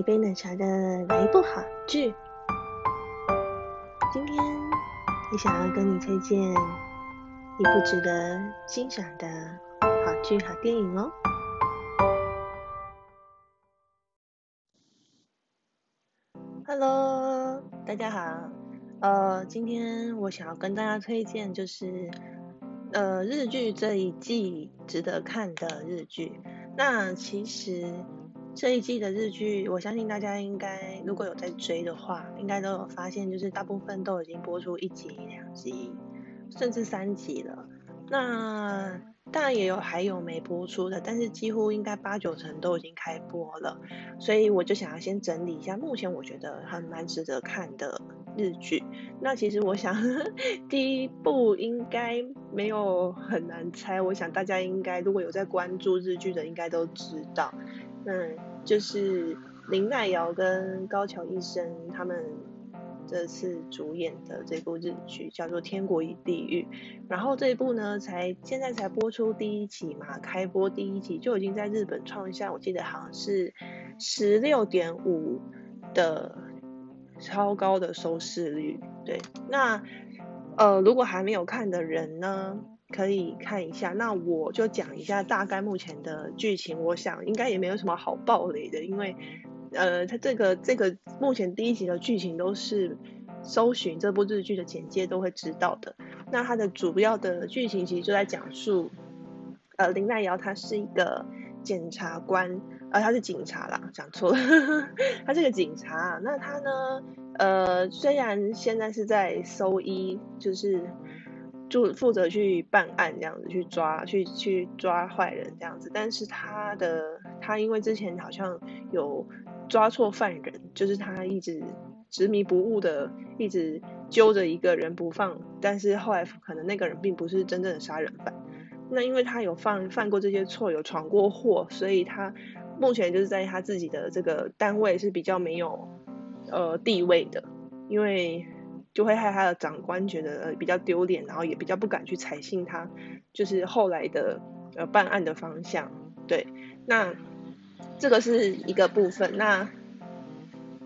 一杯奶茶的來一部好劇。今天我想要跟你推薦一部值得欣賞的好劇、好電影哦。Hello，大家好。呃，今天我想要跟大家推薦就是呃日劇這一季值得看的日劇。那其實。這一季的日劇，我相信大家應該如果有在追的話，應該都有發現，就是大部分都已經播出一集、兩集，甚至三集了。那當然也有還有沒播出的，但是幾乎應該八九成都已經開播了。所以我就想要先整理一下目前我覺得還蠻值得看的日劇。那其實我想呵呵第一部應該沒有很難猜，我想大家應該如果有在關注日劇的，應該都知道。嗯。就是綾瀨遙跟高橋一生他們這次主演的這部日劇叫做《天國與地獄》，然後這一部呢，才現在才播出第一集嘛，開播第一集就已經在日本創下，我記得好像是十六點五的超高的收視率。對，那呃，如果還沒有看的人呢，可以看一下，那我就講一下大概目前的劇情。我想應該也沒有什麼好爆雷的，因為呃，它這個這個目前第一集的劇情都是搜尋這部日劇的簡介都會知道的。那它的主要的劇情其實就在講述，呃，綾瀨遙他是一個檢察官，呃，他是警察啦，講錯了，呵呵，他是個警察。那他呢，呃，雖然現在是在搜一，就是。就負責去辦案這樣子，去抓去去抓壞人這樣子，但是他的他因為之前好像有抓錯犯人，就是他一直執迷不悟的，一直揪着一個人不放，但是後來可能那個人並不是真正的殺人犯。那因為他有犯犯過這些錯，有闖過禍，所以他目前就是在他自己的這個單位是比較沒有呃地位的，因為。就會害他的長官覺得比較丟臉，然後也比較不敢去採信他，就是後來的呃辦案的方向。對，那這個是一個部分。那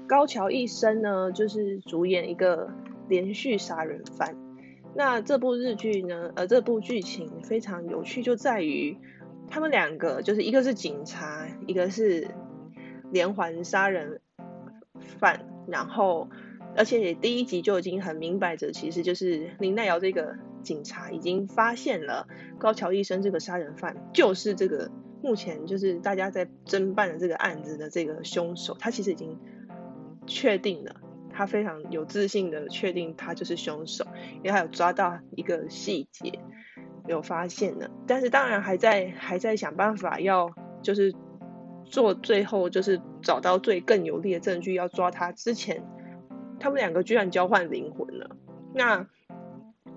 高橋一生呢，就是主演一個連續殺人犯。那這部日劇呢，呃，這部劇情非常有趣，就在於他們兩個就是一個是警察，一個是連環殺人犯，然後。而且第一集就已經很明擺着，其實就是綾瀨遙這個警察已經發現了高橋一生這個殺人犯就是這個目前就是大家在偵辦的這個案子的這個凶手，他其實已經確定了，他非常有自信的確定他就是凶手，因為他有抓到一個細節有發現了，但是當然還在還在想辦法要就是做最後就是找到最更有力的證據要抓他之前。他們兩個居然交換靈魂了，那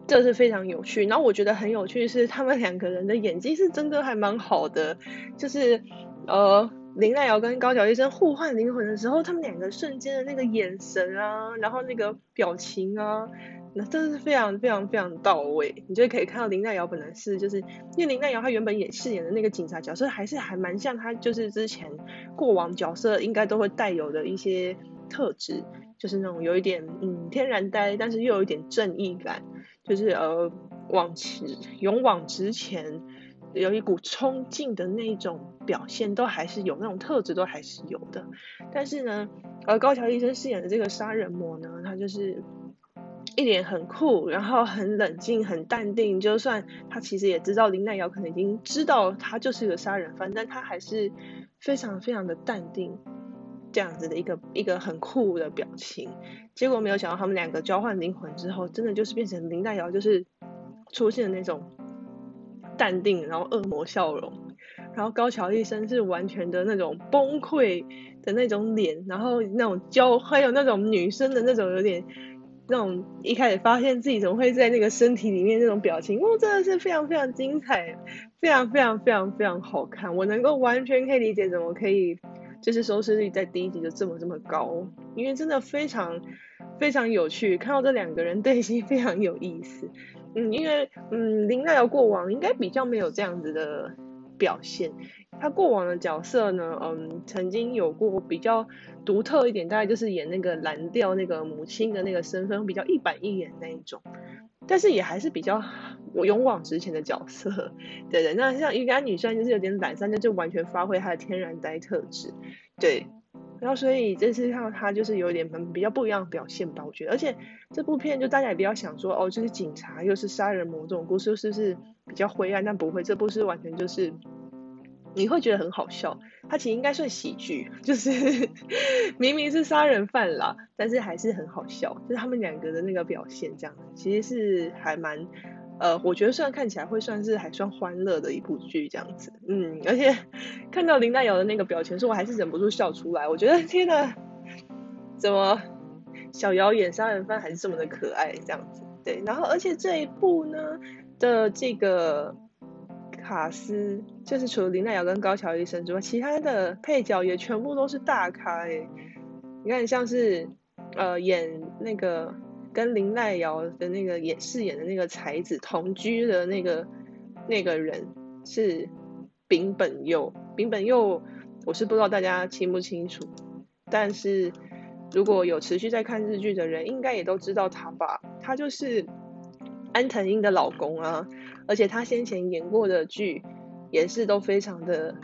這是非常有趣。然後我覺得很有趣的是他們兩個人的演技是真的還蠻好的，就是呃綾瀨遙跟高橋一生互換靈魂的時候，他們兩個瞬間的那個眼神啊，然後那個表情啊，那真的是非常非常非常到位。你就可以看到綾瀨遙本來是就是，因為綾瀨遙她原本演飾演的那個警察角色，還是還蠻像她就是之前過往角色應該都會帶有的一些特質。就是那種有一點嗯天然呆，但是又有一點正義感，就是呃往前勇往直前，有一股衝勁的那種表現，都還是有那種特質，都還是有的。但是呢，而、呃、高橋一生飾演的這個殺人魔呢，他就是一臉很酷，然後很冷靜、很淡定，就算他其實也知道綾瀨遙可能已經知道他就是個殺人犯，但他還是非常非常的淡定。這樣子的一個一個很酷的表情，結果沒有想到他們兩個交換靈魂之後，真的就是變成綾瀨遙，就是出現了那種淡定，然後惡魔笑容，然後高橋一生是完全的那種崩潰的那種臉，然後那種嬌，還有那種女生的那種有點那種一開始發現自己怎麼會在那個身體裡面那種表情，哦，真的是非常非常精彩，非常非常非常非常好看，我能夠完全可以理解怎麼可以。就是收視率在第一集就這麼這麼高，因為真的非常非常有趣，看到這兩個人對戲非常有意思。嗯，因為嗯，林奈的過往應該比較沒有這樣子的表現，她過往的角色呢，嗯，曾經有過比較獨特一點，大概就是演那個藍調那個母親的那個身份，比較一板一眼那一種，但是也還是比較。我勇往直前的角色，對對，那像乾物女生，就是有點懶散，那就，就完全發揮她的天然呆特質，對，然後所以這次看到她就是有點比較不一樣的表現吧，我覺得，而且這部片就大家也不要想說哦，就是警察、又是殺人魔這種故事，是不是比較灰暗？但不會，這部是完全就是你會覺得很好笑，它其實應該算喜劇，就是明明是殺人犯啦，但是還是很好笑，就是他們兩個的那個表現這樣，其實是還蠻。呃，我覺得雖然看起來會算是還算歡樂的一部劇這樣子，嗯，而且看到綾瀨遙的那個表情，是我還是忍不住笑出來。我覺得天哪，怎麼小遙演殺人犯還是這麼的可愛這樣子？對，然後而且這一部呢的這個卡斯，就是除了綾瀨遙跟高橋一生之外，其他的配角也全部都是大咖誒、欸。你看像是呃演那個。跟林奈瑤的那個演飾演的那個才子同居的那個那個人是柄本佑。柄本佑我是不知道大家清不清楚，但是如果有持續在看日劇的人，應該也都知道他吧？他就是安藤櫻的老公啊，而且他先前演過的劇也是都非常的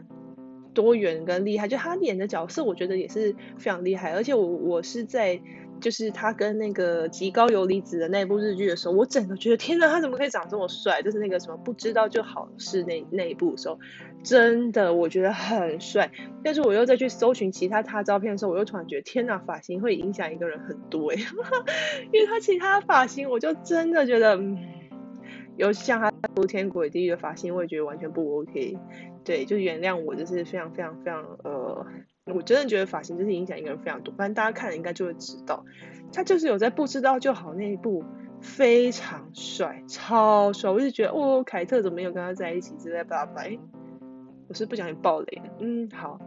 多元跟厲害，就他演的角色，我覺得也是非常厲害，而且我我是在。就是他跟那個吉高由里子的那一部日劇的時候，我真的覺得天哪，他怎麼可以長這麼帥？就是那個什麼不知道就好是那那一部的時候，真的我覺得很帥。但是我又再去搜尋其他他照片的時候，我又突然覺得天哪，髮型會影響一個人很多哎， 因為他其他髮型我就真的覺得，尤、嗯、其像他如天國與地獄的髮型，我也覺得完全不 OK。對，就原諒我，就是非常非常非常呃。我真的覺得髮型就是影響一個人非常多，反正大家看了應該就會知道，他就是有在不知道就好那一部非常帥，超帥，我就覺得哦，凱特怎麼沒有跟他在一起之類巴拉巴拉，我是不小心爆雷的，嗯好，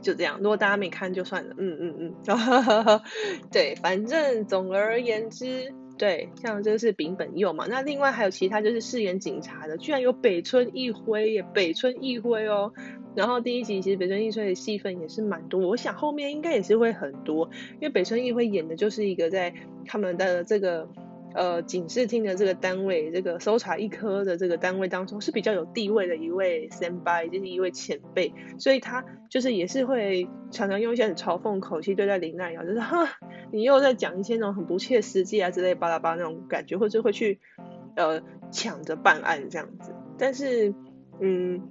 就這樣，如果大家沒看就算了，嗯嗯嗯，嗯 對，反正總而言之，對，像就是柄本佑嘛，那另外還有其他就是飾演警察的，居然有北村一輝耶，北村一輝哦。然後第一集其實北村易碎的戲份也是蠻多，我想後面應該也是會很多，因為北村易會演的就是一個在他們的這個呃警視廳的這個單位，這個搜查一科的這個單位當中是比較有地位的一位三 e 就是一位前輩，所以他就是也是會常常用一些很嘲諷口氣對待林奈瑤，就是哈你又在講一些那種很不切實際啊之類巴拉巴拉那種感覺，或者會去呃搶着辦案這樣子，但是嗯。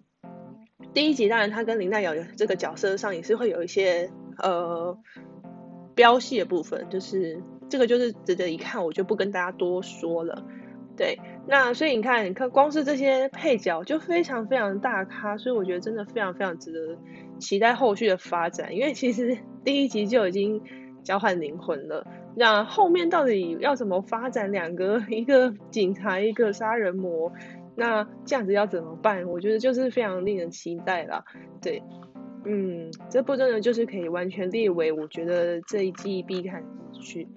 第一集當然，他跟林黛瑤這個角色上也是會有一些呃飆戲的部分，就是這個就是值得一看，我就不跟大家多說了。對，那所以你看，你看光是這些配角就非常非常大咖，所以我覺得真的非常非常值得期待後續的發展，因為其實第一集就已經交換靈魂了，那後面到底要怎麼發展兩？兩個一個警察，一個殺人魔。那這樣子要怎麼辦？我覺得就是非常令人期待了。對，嗯，這部真的就是可以完全列為我覺得這一季必看劇。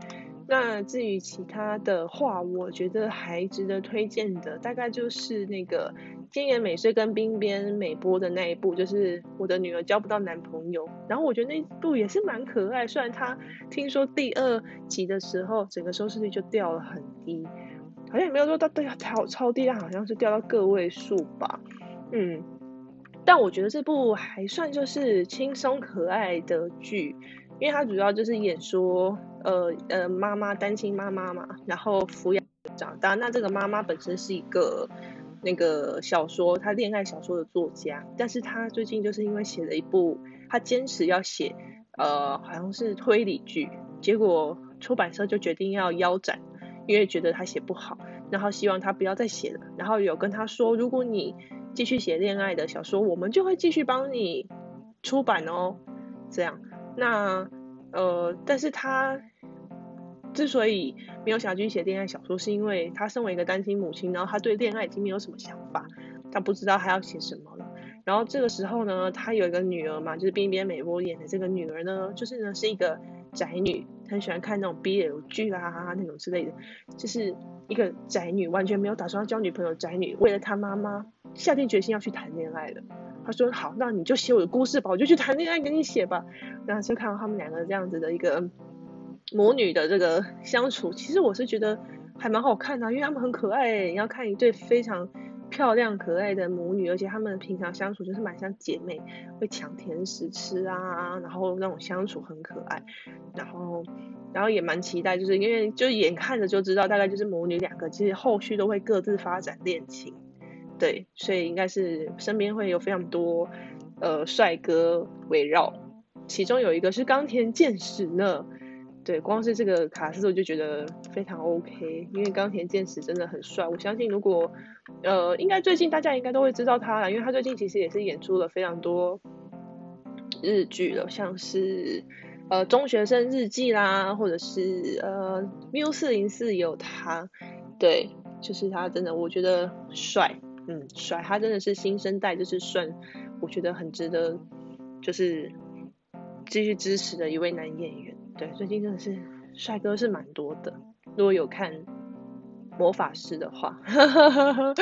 那至於其他的話，我覺得還值得推薦的，大概就是那個菅野美穗跟濱邊美波的那一部，就是我的女兒交不到男朋友。然後我覺得那一部也是蠻可愛，雖然她聽說第二集的時候，整個收視率就掉了很低。好像也沒有說到對啊，超超低量好像是掉到個位數吧，嗯，但我覺得這部還算就是輕鬆可愛的劇，因為它主要就是演說呃呃媽媽單親媽媽嘛，然後撫養長大。那這個媽媽本身是一個那個小說，她戀愛小說的作家，但是她最近就是因為寫了一部，她堅持要寫呃好像是推理劇，結果出版社就決定要腰斬。因為覺得他寫不好，然後希望他不要再寫了，然後有跟他說，如果你繼續寫戀愛的小說，我們就會繼續幫你出版哦。這樣，那呃，但是他之所以沒有想繼續寫戀愛小說，是因為他身為一個單親母親，然後他對戀愛已經沒有什麼想法，他不知道他要寫什麼了。然後這個時候呢，他有一個女兒嘛，就是濱邊美波演的這個女兒呢，就是呢是一個宅女。很喜歡看那種 BL 劇啦，那種之類的，就是一個宅女完全沒有打算要交女朋友，宅女為了她媽媽下定決心要去談戀愛的。她說：“好，那你就寫我的故事吧，我就去談戀愛給你寫吧。”然後就看到他們兩個這樣子的一個母女的這個相處，其實我是覺得還蠻好看的，啊，因為他們很可愛欸。你要看一對非常漂亮可愛的母女，而且她們平常相處就是蠻像姐妹，會搶甜食吃啊，然後那種相處很可愛，然後，然後也蠻期待，就是因為就眼看着就知道大概就是母女兩個，其實後續都會各自發展戀情，對，所以應該是身邊會有非常多呃帥哥圍繞，其中有一個是岡田健史呢。對，光是這個卡司我就覺得非常 OK，因為岡田健史真的很帥。我相信如果呃，應該最近大家應該都會知道他啦，因為他最近其實也是演出了非常多日劇了，像是呃《中學生日記》啦，或者是呃《Miu 四零四》也有他，對，就是他真的我覺得帥，嗯，帥，他真的是新生代，就是算，我覺得很值得就是繼續支持的一位男演員。對，最近真的是帥哥是蠻多的。如果有看《魔法師》的話，呵呵呵，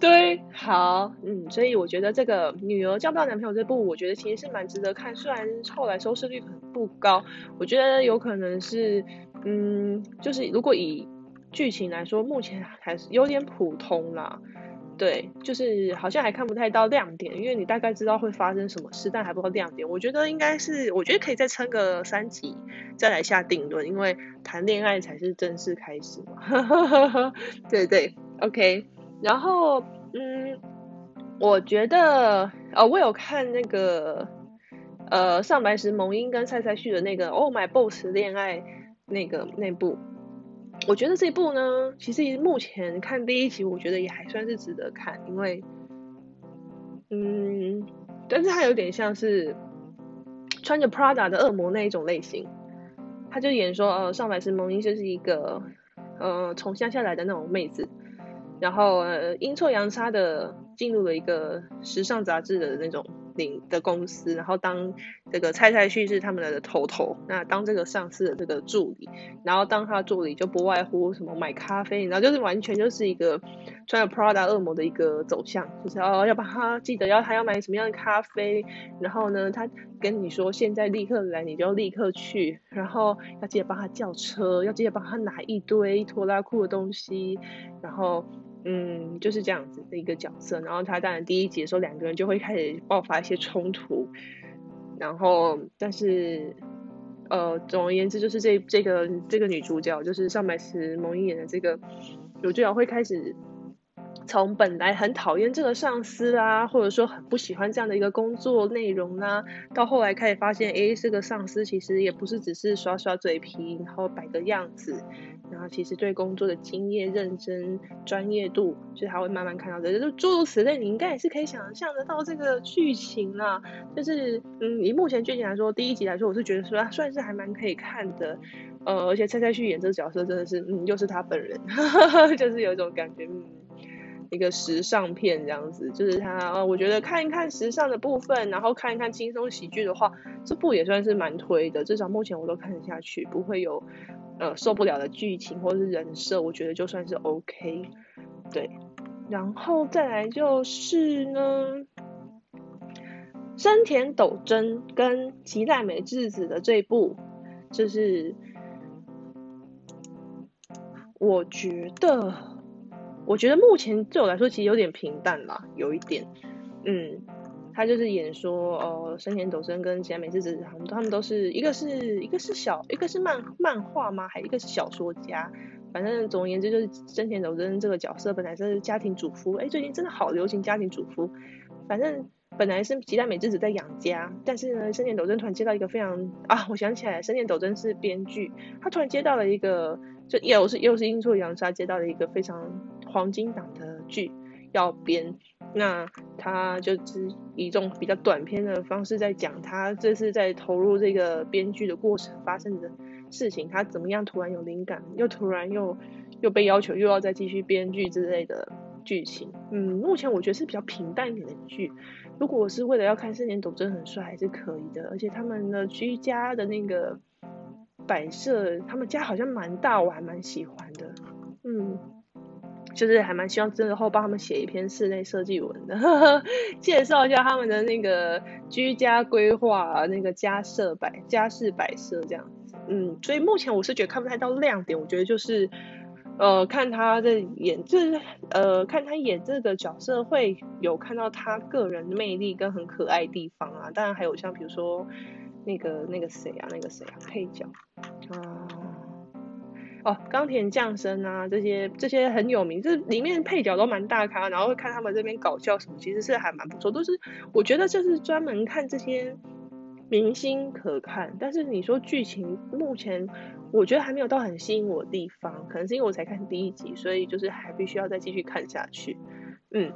對，好，嗯，所以我覺得這個女兒交不到男朋友這部，我覺得其實是蠻值得看。雖然後來收視率不高，我覺得有可能是，嗯，就是如果以劇情來說，目前還是有點普通啦。對，就是好像還看不太到亮點，因為你大概知道會發生什麼事，但還不到亮點。我覺得應該是，我覺得可以再撐個三集再來下定論，因為談戀愛才是正式開始嘛。 對對，OK。然後，嗯，我覺得，哦，我有看那個，呃，上白石萌音跟菜菜緒的那個《Oh My Boss》戀愛那個那部。我覺得這一部呢，其實目前看第一集，我覺得也還算是值得看，因為，嗯，但是他有點像是穿着 Prada 的惡魔那一種類型，他就演說，呃、哦，上白石萌音就是一個，呃，從鄉下來的那種妹子，然後、呃、陰錯陽差的進入了一個時尚雜誌的那種。領的公司，然後當這個菜菜緒是他們的頭頭，那當這個上司的這個助理，然後當他的助理就不外乎什麼買咖啡，然後就是完全就是一個穿了 Prada 惡魔的一個走向，就是要哦要幫他記得要他要買什麼樣的咖啡，然後呢他跟你說現在立刻來，你就立刻去，然後要記得幫他叫車，要記得幫他拿一堆拖拉庫的東西，然後。嗯，就是這樣子的一個角色。然後他當然第一集的時候，兩個人就會開始爆發一些衝突。然後，但是，呃，總而言之，就是這這個這個女主角，就是上白石萌音演的這個，主角會開始。從本來很討厭這個上司啊，或者說很不喜歡這樣的一個工作內容呢、啊，到後來開始發現，誒、欸，這個上司其實也不是只是耍耍嘴皮，然後擺個樣子，然後其實對工作的經驗、認真、專業度，就他、是、會慢慢看到的、這個，就是諸如此類，你應該也是可以想象得到這個劇情啦、啊。就是，嗯，以目前劇情來說，第一集來說，我是覺得說算是還蠻可以看的，呃，而且菜菜緒演這個角色真的是，嗯，又、就是他本人，哈哈哈，就是有一種感覺，嗯。一個時尚片這樣子，就是它，我覺得看一看時尚的部分，然後看一看輕鬆喜劇的話，這部也算是蠻推的，至少目前我都看得下去，不會有呃受不了的劇情或者是人設，我覺得就算是 OK，對，然後再來就是呢，生田斗真跟齊瀨美智子的這一部，就是我覺得。我覺得目前對我來說其實有點平淡啦，有一點，嗯，他就是演說哦、呃，生田斗真跟吉他美智子他們，他們都是一個是一個是小，一個是漫漫畫嗎？還一個是小說家。反正總而言之，就是生田斗真這個角色本來是家庭主夫，哎、欸，最近真的好流行家庭主夫。反正本來是吉他美智子在養家，但是呢，生田斗真突然接到一個非常啊，我想起來，生田斗真是編劇，他突然接到了一個，就又是又是陰錯陽差接到了一個非常。黃金檔的劇要編，那他就是以一種比較短篇的方式，在講他這是在投入這個編劇的過程發生的事情，他怎麼樣突然有靈感，又突然又又被要求又要再繼續編劇之類的劇情。嗯，目前我覺得是比較平淡一點的劇。如果是為了要看生田斗真很帥還是可以的，而且他們的居家的那個擺設，他們家好像蠻大，我還蠻喜歡的。嗯。就是還蠻希望真的後幫他們寫一篇室內設計文的， 介紹一下他們的那個居家規劃、啊，那個家設擺家飾、擺設這樣。嗯，所以目前我是覺得看不太到亮點，我覺得就是，呃，看他的演這、就是，呃，看他演這個角色會有看到他個人的魅力跟很可愛的地方啊。當然還有像比如說那個那個誰啊，那個誰啊，配角啊。哦，岡田將生啊，這些這些很有名，這裡面配角都蠻大咖，然後會看他們這邊搞笑什麼，其實是還蠻不錯。都是我覺得就是專門看這些明星可看，但是你說劇情目前，我覺得還沒有到很吸引我的地方，可能是因為我才看第一集，所以就是還必須要再繼續看下去。嗯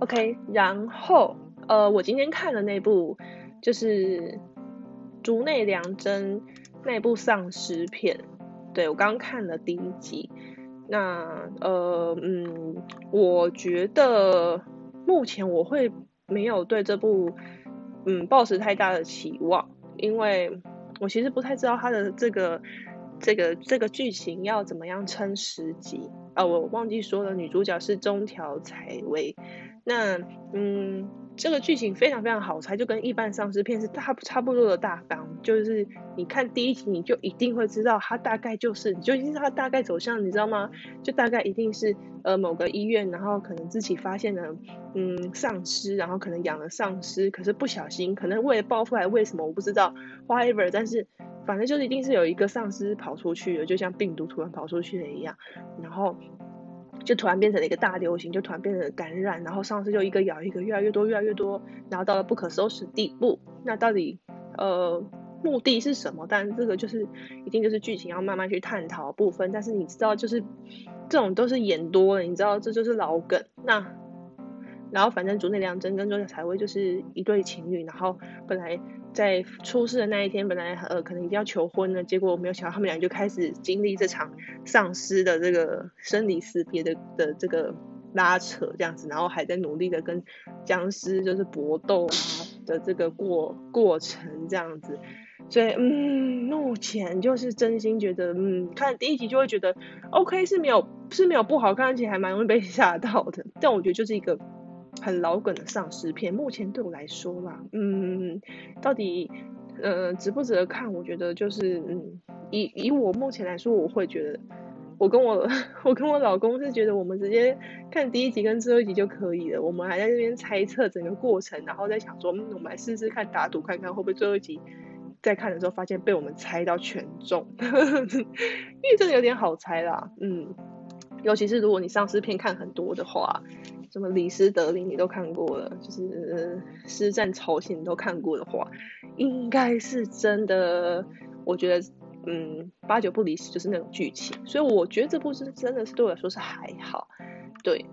，OK，然後呃，我今天看的那部就是竹內涼真那部喪屍片。對，我剛看了第一集，那呃嗯，我覺得目前我會沒有對這部嗯抱持太大的期望，因為我其實不太知道它的這個這個這個劇情要怎麼樣撐十集啊，我忘記說了，女主角是中條彩未，那嗯。這個劇情非常非常好猜，才就跟一般喪屍片是大差不多的大綱，就是你看第一集你就一定會知道，它大概就是你就知道它大概走向，你知道嗎？就大概一定是呃某個醫院，然後可能自己發現了嗯喪屍，然後可能養了喪屍，可是不小心可能為了報復還是為什麼我不知道，whatever，但是反正就是一定是有一個喪屍跑出去了，就像病毒突然跑出去了一樣，然後。就突然變成了一個大流行，就突然變成感染，然後喪屍就一個咬一個，越來越多，越來越多，然後到了不可收拾的地步。那到底，呃，目的是什麼？但這個就是一定就是劇情要慢慢去探討部分。但是你知道，就是這種都是演多了，你知道這就是老梗。那然後反正竹內涼真跟中條彩未就是一對情侶，然後本來。在出事的那一天，本來呃可能已經要求婚了，結果我沒有想到他們倆就開始經歷這場喪屍的這個生離死別的的這個拉扯，這樣子，然後還在努力的跟僵屍就是搏鬥啊的這個過過程這樣子，所以嗯，目前就是真心覺得嗯，看第一集就會覺得 OK 是沒有是沒有不好看，而且還蠻容易被嚇到的，但我覺得就是一個。很老梗的喪屍片，目前對我來說啦，嗯，到底呃值不值得看？我覺得就是，嗯，以以我目前來說，我會覺得，我跟我我跟我老公是覺得，我們直接看第一集跟最後一集就可以了。我們還在這邊猜測整個過程，然後在想說，我們來試試看打賭，看看會不會最後一集在看的時候發現被我們猜到全中， 因為這個有點好猜啦，嗯，尤其是如果你喪屍片看很多的話。什麼李斯德林，你都看過了，就是施戰朝鮮你都看過的話，應該是真的。我覺得，嗯，八九不離十就是那種劇情，所以我覺得這部是真的是對我來說是還好，對。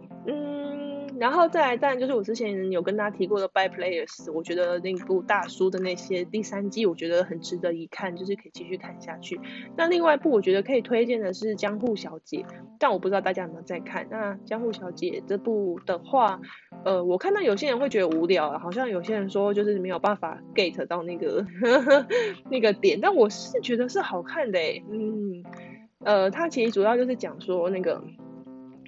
然後再來，但就是我之前有跟大家提過的《By Players》，我覺得那部大叔的那些第三季，我覺得很值得一看，就是可以繼續看下去。那另外一部我覺得可以推薦的是《江戶小姐》，但我不知道大家有沒有在看。那《江戶小姐》這部的話，呃，我看到有些人會覺得無聊，啊，好像有些人說就是沒有辦法 get 到那個 那個點，但我是覺得是好看的耶。嗯，呃，它其實主要就是講說那個。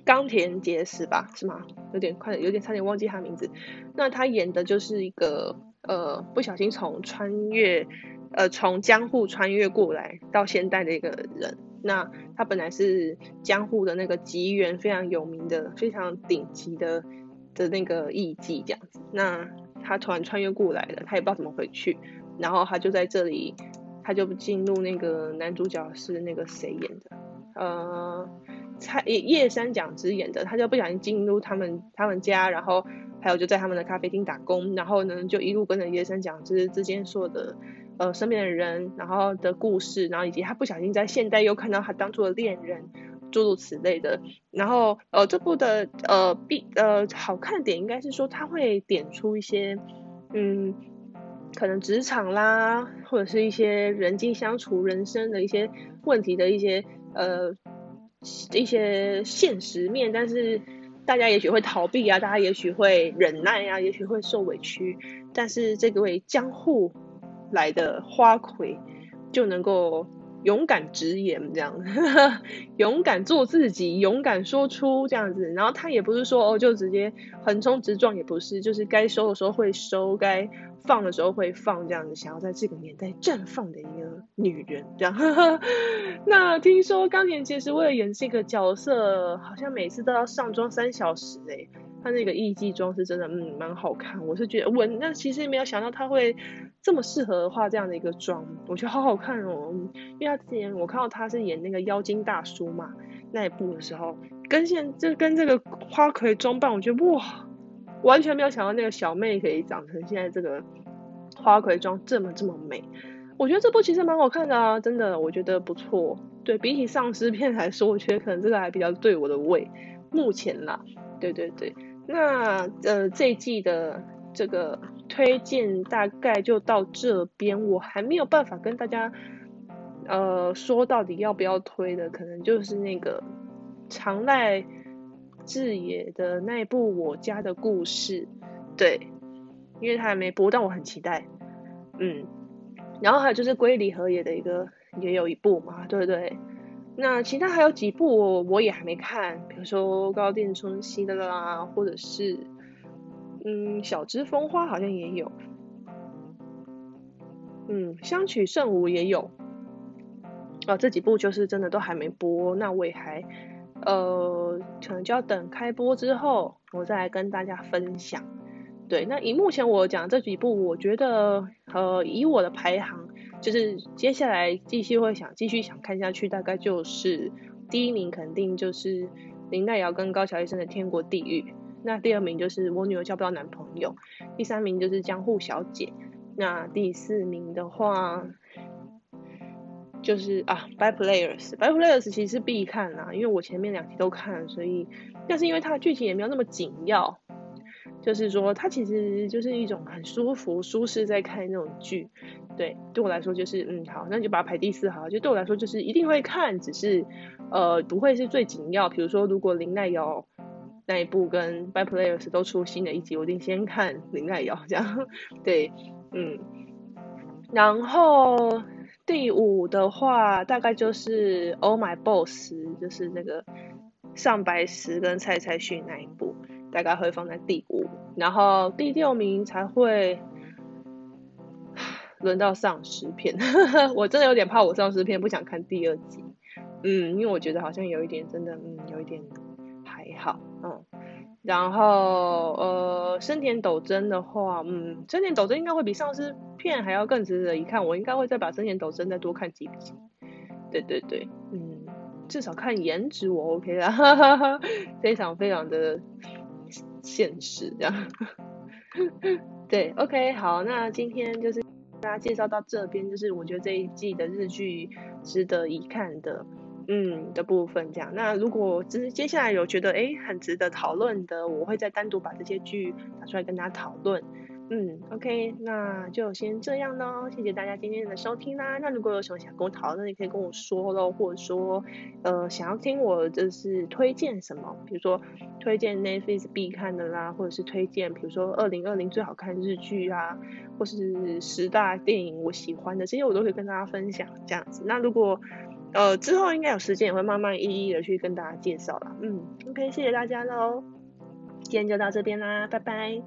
岡田結實吧，是嗎？有點快，有點差點忘記他名字。那他演的就是一個呃，不小心從穿越呃，從江戶穿越過來到現代的一個人。那他本來是江戶的那個吉原非常有名的、非常頂級的的那個藝妓這樣子。那他突然穿越過來了，他也不知道怎麼回去，然後他就在這裡，他就進入那個男主角是那個誰演的？呃。蔡葉山講之演的，他就不小心進入他們，他們家，然後還有就在他們的咖啡廳打工，然後呢就一路跟着葉山講之之間所有的，呃，身邊的人，然後的故事，然後以及他不小心在現代又看到他當初的戀人，諸如此類的。然後呃，這部的呃必呃好看的點應該是說他會點出一些嗯，可能職場啦，或者是一些人際相處、人生的一些問題的一些呃。一些現實面，但是大家也許會逃避啊，大家也許會忍耐啊，也許會受委屈，但是這個位江戶來的花魁就能夠勇敢直言這樣子，勇敢做自己，勇敢說出這樣子，然後他也不是說哦就直接橫衝直撞，也不是，就是該收的時候會收，該放的時候會放，這樣子，想要在這個年代綻放的一面。女人這樣， 那聽說當年其實為了演這個角色，好像每次都要上妝三小時哎，她那個藝伎妝是真的，嗯，蠻好看。我是覺得我那其實沒有想到她會這麼適合化這樣的一個妝，我覺得好好看哦。因為她之前我看到她是演那個妖精大叔嘛，那一部的時候，跟現在就跟這個花魁裝扮，我覺得哇，完全沒有想到那個小妹可以長成現在這個花魁妝這麼這麼美。我覺得這部其實蠻好看的啊，真的，我覺得不錯。對，比起喪屍片來說，我覺得可能這個還比較對我的胃。目前啦，對對對，那呃這一季的這個推薦大概就到這邊。我還沒有辦法跟大家呃說到底要不要推的，可能就是那個長瀨智也的那一部《我家的故事》，對，因為他還沒播，但我很期待，嗯。然後還有就是《龜梨和也的一個也有一部嘛，對不對？那其他還有幾部我也還沒看，比如說高定春熙的啦，或者是嗯《小芝風花》好像也有，嗯《香取慎吾》也有，啊、哦、這幾部就是真的都還沒播，那我也還呃可能就要等開播之後我再來跟大家分享。對，那以目前我講這幾部，我覺得。呃，以我的排行，就是接下來繼續會想繼續想看下去，大概就是第一名肯定就是綾瀨遙跟高橋一生的《天國地獄》，那第二名就是我女兒交不到男朋友，第三名就是江戶小姐，那第四名的話就是啊《By Players》，《By Players》其實是必看啦，因為我前面兩集都看了，所以但是因為它的劇情也沒有那麼緊要。就是說，它其實就是一種很舒服、舒適在看那種劇，對，對我來說就是嗯好，那你就把它排第四好了。就對我來說就是一定會看，只是呃不會是最緊要。比如說，如果林奈瑤那一部跟《By Players》都出新的一集，我一定先看林奈瑤這樣。對，嗯。然後第五的話，大概就是《Oh My Boss》，就是那個上白石跟菜菜緒那一部，大概會放在第五。然後第六名才會輪到《喪屍片，》 我真的有點怕我《喪屍片》，不想看第二集。嗯，因為我覺得好像有一點真的，嗯，有一點還好，嗯。然後呃，生田斗真的話，嗯，生田斗真應該會比《喪屍片》還要更值得一看，我應該會再把生田斗真再多看幾集。對對對，嗯，至少看顏值我 OK 啦，哈哈哈，非常非常的。現實這樣， 對，OK，好，那今天就是大家介紹到這邊，就是我覺得這一季的日劇值得一看的，嗯的部分這樣。那如果接下來有覺得誒、欸、很值得討論的，我會再單獨把這些劇拿出來跟大家討論。嗯，OK，那就先這樣咯。謝謝大家今天的收聽啦。那如果有什麼想跟我討論的，也可以跟我說咯。或者說，呃，想要聽我就是推薦什麼，比如說推薦 Netflix 必看的啦，或者是推薦比如說二零二零最好看日劇啊，或是十大電影我喜歡的這些，我都可以跟大家分享這樣子。那如果，呃，之後應該有時間也會慢慢一一的去跟大家介紹啦。嗯，OK，謝謝大家嘍，今天就到這邊啦，拜拜。